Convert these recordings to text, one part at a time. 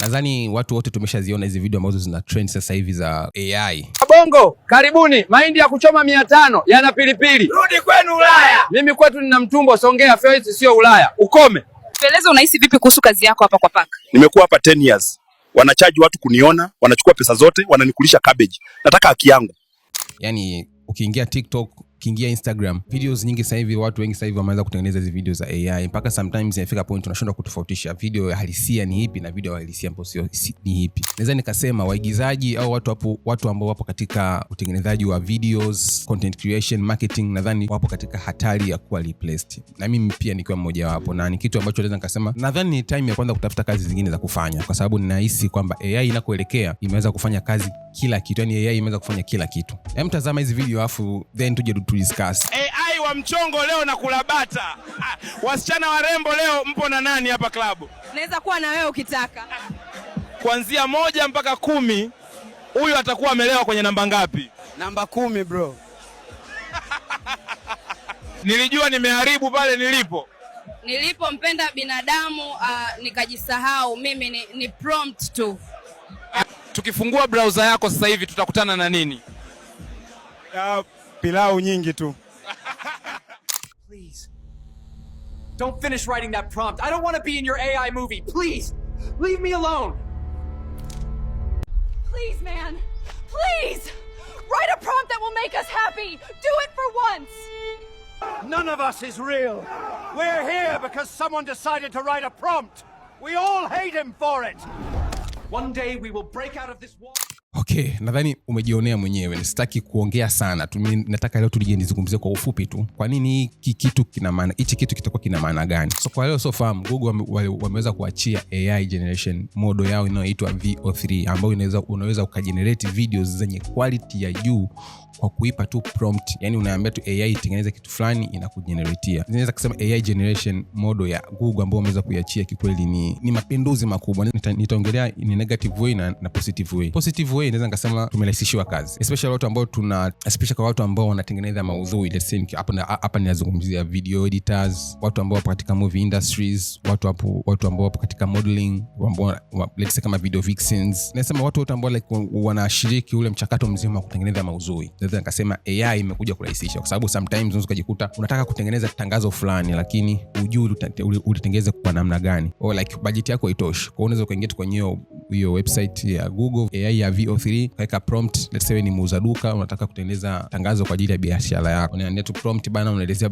nadhani watu wote tumeshaziona hizi video ambazo zina trend sasa hivi za AI. Bongo, karibuni mahindi ya kuchoma mia tano yana pilipili. Rudi kwenu Ulaya. Mimi kwetu nina mtumbo Songea sio Ulaya. Ukome. Tueleze unahisi vipi kuhusu kazi yako hapa kwa Paka? Nimekuwa hapa 10 years. Wanachaji watu kuniona, wanachukua pesa zote, wananikulisha cabbage. Nataka haki yangu. Yaani ukiingia TikTok ukiingia instagram videos nyingi sasa hivi watu wengi sasa hivi wameanza kutengeneza hizi video za ai mpaka sometimes inafika point unashindwa kutofautisha video ya halisia ni ipi na video ya halisia ambayo sio ni ipi naweza nikasema waigizaji au watu wapo, watu ambao wapo katika utengenezaji wa videos content creation marketing nadhani wapo katika hatari ya kuwa replaced na mimi pia nikiwa mmoja wapo na ni kitu ambacho naweza nikasema nadhani ni time ya kwanza kutafuta kazi zingine za kufanya kwa sababu ninahisi kwamba ai inakoelekea imeweza kufanya kazi kila kitu yani ai imeweza kufanya kila kitu hem tazama hizi video afu then tuje to discuss. AI wa mchongo leo na kulabata. Ah, wasichana warembo leo mpo na nani hapa klabu? Naweza kuwa na wewe ukitaka. Kuanzia moja mpaka kumi, huyu atakuwa amelewa kwenye namba ngapi? Namba kumi bro. Nilijua nimeharibu pale nilipo nilipompenda binadamu uh, nikajisahau mimi ni, ni prompt tu. Ah, tukifungua browser yako sasa hivi tutakutana na nini? Uh, pilau nyingi tu. Please. Don't finish writing that prompt. I don't want to be in your AI movie. Please. Leave me alone. Please, man. Please. Write a prompt that will make us happy. Do it for once. None of us is real. We're here because someone decided to write a prompt. We all hate him for it. One day we will break out of this wall. Okay, nadhani umejionea mwenyewe, sitaki kuongea sana tu. nataka leo tulije nizungumzie kwa ufupi tu, kwa nini hiki kitu kina maana, hichi kitu kitakuwa kina maana gani? So kwa leo sofahamu, Google wameweza kuachia AI generation modo yao inayoitwa VO3 ambayo unaweza, unaweza ukajenerate videos zenye quality ya juu kwa kuipa tu prompt, yani unaambia tu AI itengeneze kitu fulani inakujeneratia. Naweza kusema AI generation modo ya Google ambayo wameweza kuiachia kikweli ni, ni mapinduzi makubwa. Nitaongelea ni negative way na, na positive way. Positive way way naweza nikasema tumerahisishiwa kazi especially watu ambao tuna especially kwa watu ambao wanatengeneza maudhui hapa ninazungumzia video editors watu ambao wapo katika movie industries watu hapo watu ambao wapo katika modeling ambao let's say kama video vixens nasema watu wote ambao like wanashiriki ule mchakato mzima wa kutengeneza maudhui naweza nikasema AI imekuja kurahisisha kwa sababu sometimes unaweza kujikuta unataka kutengeneza tangazo fulani lakini hujui ulitengeneza kwa namna gani or like bajeti yako haitoshi kwa hiyo unaweza kuingia kwenye hiyo website ya Google AI ya PO3, prompt, let's say ni muuza duka unataka kutengeneza tangazo kwa ajili ya biashara yako, unaandia tu prompt bana, unaelezea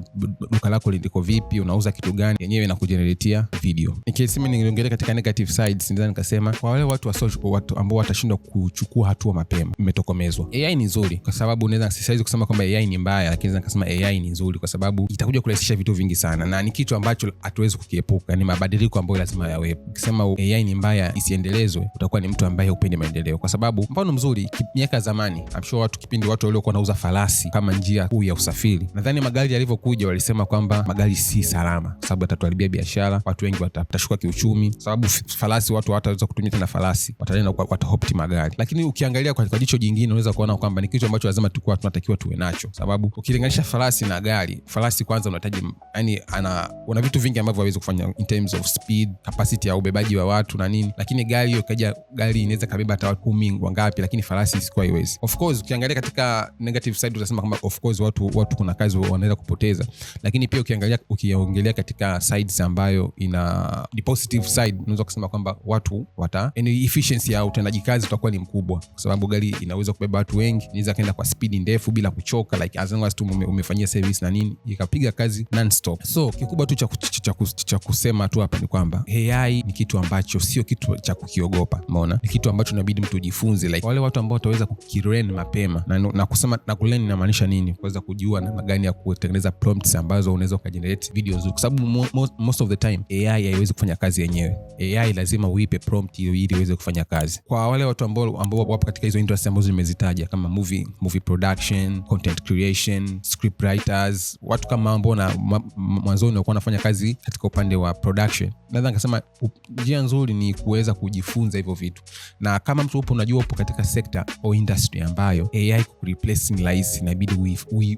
duka lako liliko vipi, unauza kitu gani, yenyewe inakujeneretia video. Nikisema niongelee katika negative sides, ndio nikasema kwa wale watu wa watu ambao watashindwa kuchukua hatua mapema, mmetokomezwa. AI ni nzuri kwa sababu unaweza sisaizi kusema kwamba AI ni mbaya, lakini naweza kusema AI ni nzuri kwa sababu itakuja kurahisisha vitu vingi sana, na ni kitu ambacho hatuwezi kukiepuka, ni mabadiliko ambayo lazima yawepo. Ukisema AI ni mbaya isiendelezwe, utakuwa ni mtu ambaye upende maendeleo, kwa sababu mfano mzuri miaka ya zamani I'm watu kipindi watu waliokuwa nauza farasi kama njia kuu ya usafiri, nadhani magari yalivyokuja walisema kwamba magari si salama, sababu yatatuharibia biashara, watu wengi watashuka kiuchumi, sababu farasi watu hawataweza kutumia tena farasi, wataenda watahopti magari. Lakini ukiangalia kwa, kwa jicho jingine unaweza kuona kwamba ni kitu ambacho lazima tukua tunatakiwa tuwe nacho, sababu ukilinganisha farasi na gari, farasi kwanza unahitaji yani, ana una vitu vingi ambavyo hawezi kufanya in terms of speed, capacity ya ubebaji wa watu na nini, lakini gari hiyo kaja, gari inaweza kabeba hata watu kumi ngapi, lakini farasi isikuwa iwezi Of course ukiangalia katika negative side utasema kwamba of course watu, watu kuna kazi wanaweza kupoteza, lakini pia ukiangalia ukiongelea katika sides ambayo ina the positive side, unaweza kusema kwamba watu wata yani efficiency ya utendaji kazi utakuwa ni mkubwa, kwa sababu gari inaweza kubeba watu wengi, inaweza kaenda kwa spidi ndefu bila kuchoka, like as long as tu umefanyia service na nini, ikapiga kazi non-stop. So kikubwa tu cha, cha, cha kusema tu hapa ni kwamba AI ni kitu ambacho sio kitu cha kukiogopa, umeona, ni kitu ambacho inabidi mtu ujifunze kazi like, wale watu ambao wataweza kukiren mapema na, na kusema na kulen inamaanisha nini, kuweza kujua namna gani ya kutengeneza prompts ambazo unaweza ukajenerate video nzuri, kwa sababu mo, mo, most of the time AI haiwezi kufanya kazi yenyewe. AI lazima uipe prompt hiyo ili iweze kufanya kazi. Kwa wale watu ambao ambao wapo katika hizo industry ambazo nimezitaja kama movie, movie production, content creation, script writers, watu kama ambao na mwanzoni walikuwa wanafanya kazi katika upande wa production, nadhani nikasema njia nzuri ni kuweza kujifunza hivyo vitu, na kama mtu upo unajua upo katika sekta au industry ambayo AI kukureplace ni rahisi, inabidi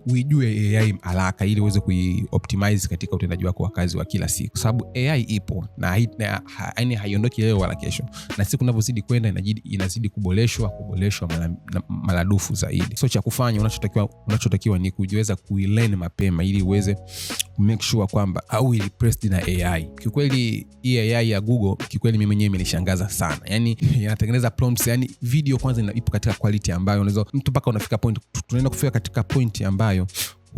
uijue AI haraka ili uweze kuioptimize katika utendaji wako wa kazi wa kila siku, kwa sababu AI ipo na yaani haiondoki leo wala kesho, na siku unavyozidi kwenda inazidi kuboreshwa kuboreshwa maradufu zaidi. So cha kufanya unachotakiwa unachotakiwa ni kujiweza kuilearn mapema ili uweze make sure kwamba au replaced na AI. Kiukweli hii AI ya Google, kiukweli mimi mwenyewe imenishangaza sana, yani inatengeneza prompts yani video video kwanza ipo katika quality ambayo unaweza mtu mpaka unafika point, tunaenda kufika katika point ambayo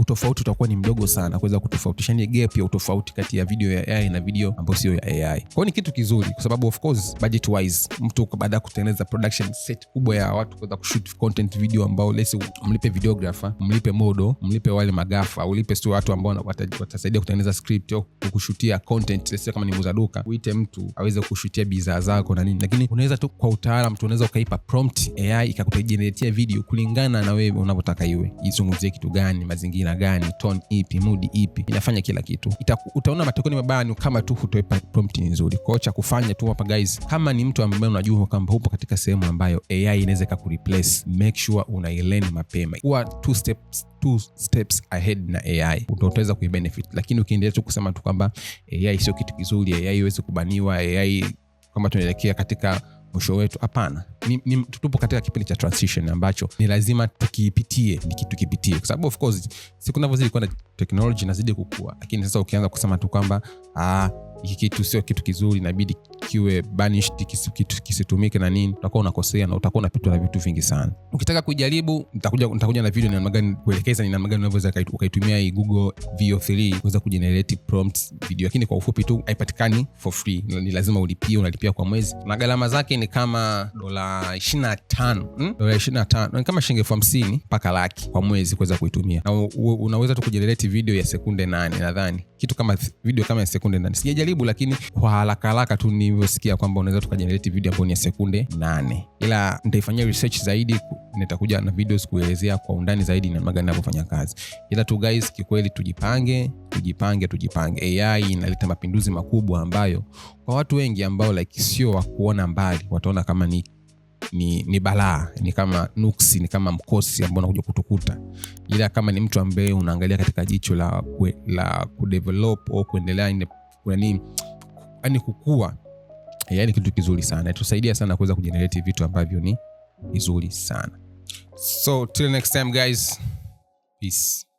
utofauti utakuwa ni mdogo sana kuweza kutofautisha, ni gap ya utofauti kati ya video ya AI na video ambayo sio ya AI. Kwa ni kitu kizuri, kwa sababu of course budget wise, mtu baada ya kutengeneza production set kubwa ya watu kuweza kushoot content video ambao lesi mlipe videographer, mlipe modo mlipe wale magafa, ulipe sio watu ambao watasaidia kutengeneza script au kushutia content, lesi kama ni muuza duka uite mtu aweze kushutia bidhaa zako na nini, lakini unaweza tu kwa utaalamu tu unaweza ukaipa prompt AI ikakutengenezea video kulingana na wewe unavyotaka iwe izungumzie kitu gani, mazingira aina gani, ton ipi, mudi ipi, inafanya kila kitu. Utaona matokeo ni mabaya ni kama tu hutoe prompt nzuri. kwao cha kufanya tu hapa guys, kama ni mtu ambaye unajua kwamba hupo katika sehemu ambayo AI inaweza ikakureplace, make sure unailearn mapema, kuwa two steps two steps ahead na AI utaweza kuibenefit, lakini ukiendelea tu kusema tu kwamba AI sio kitu kizuri, AI iweze kubaniwa, AI kwamba tunaelekea katika mwisho wetu hapana tupo katika kipindi cha transition ambacho ni lazima tukipitie tukipitie kwa sababu of course siku navyozidi kwenda teknoloji inazidi kukua lakini sasa ukianza kusema tu kwamba ah, hiki kitu sio kitu kizuri inabidi kiwe banished kisitumike na nini, utakuwa unakosea na utakuwa unapitwa na vitu vingi sana. Ukitaka kujaribu, nitakuja nitakuja na video ni namna gani kuelekeza, ni namna gani unaweza ukaitumia hii Google VO3 kuweza kujenerate prompts video, lakini kwa ufupi tu haipatikani for free, ni lazima ulipie, unalipia kwa mwezi na gharama zake ni kama dola 25, hmm? dola 25 ni kama shilingi elfu hamsini mpaka laki kwa mwezi kuweza kuitumia, na unaweza tu kujenerate video ya sekunde nane nadhani kitu kama video kama ya sekunde nane. Sijajaribu, lakini kwa haraka haraka tu ni ulivyosikia kwamba unaweza tukajenereti video ambayo ni ya sekunde nane, ila nitaifanyia research zaidi, nitakuja na videos kuelezea kwa undani zaidi namna gani navyofanya kazi. Ila tu guys, kikweli tujipange, tujipange, tujipange. AI inaleta mapinduzi makubwa ambayo kwa watu wengi ambao like sio wakuona mbali wataona kama ni ni, ni balaa ni kama nuksi ni kama mkosi ambao unakuja kutukuta, ila kama ni mtu ambaye unaangalia katika jicho la, la kudevelop au kuendelea yani yaani, yaani kukua AI ni kitu kizuri sana, itusaidia sana kuweza kujenereti vitu ambavyo ni vizuri sana. So till next time guys, peace.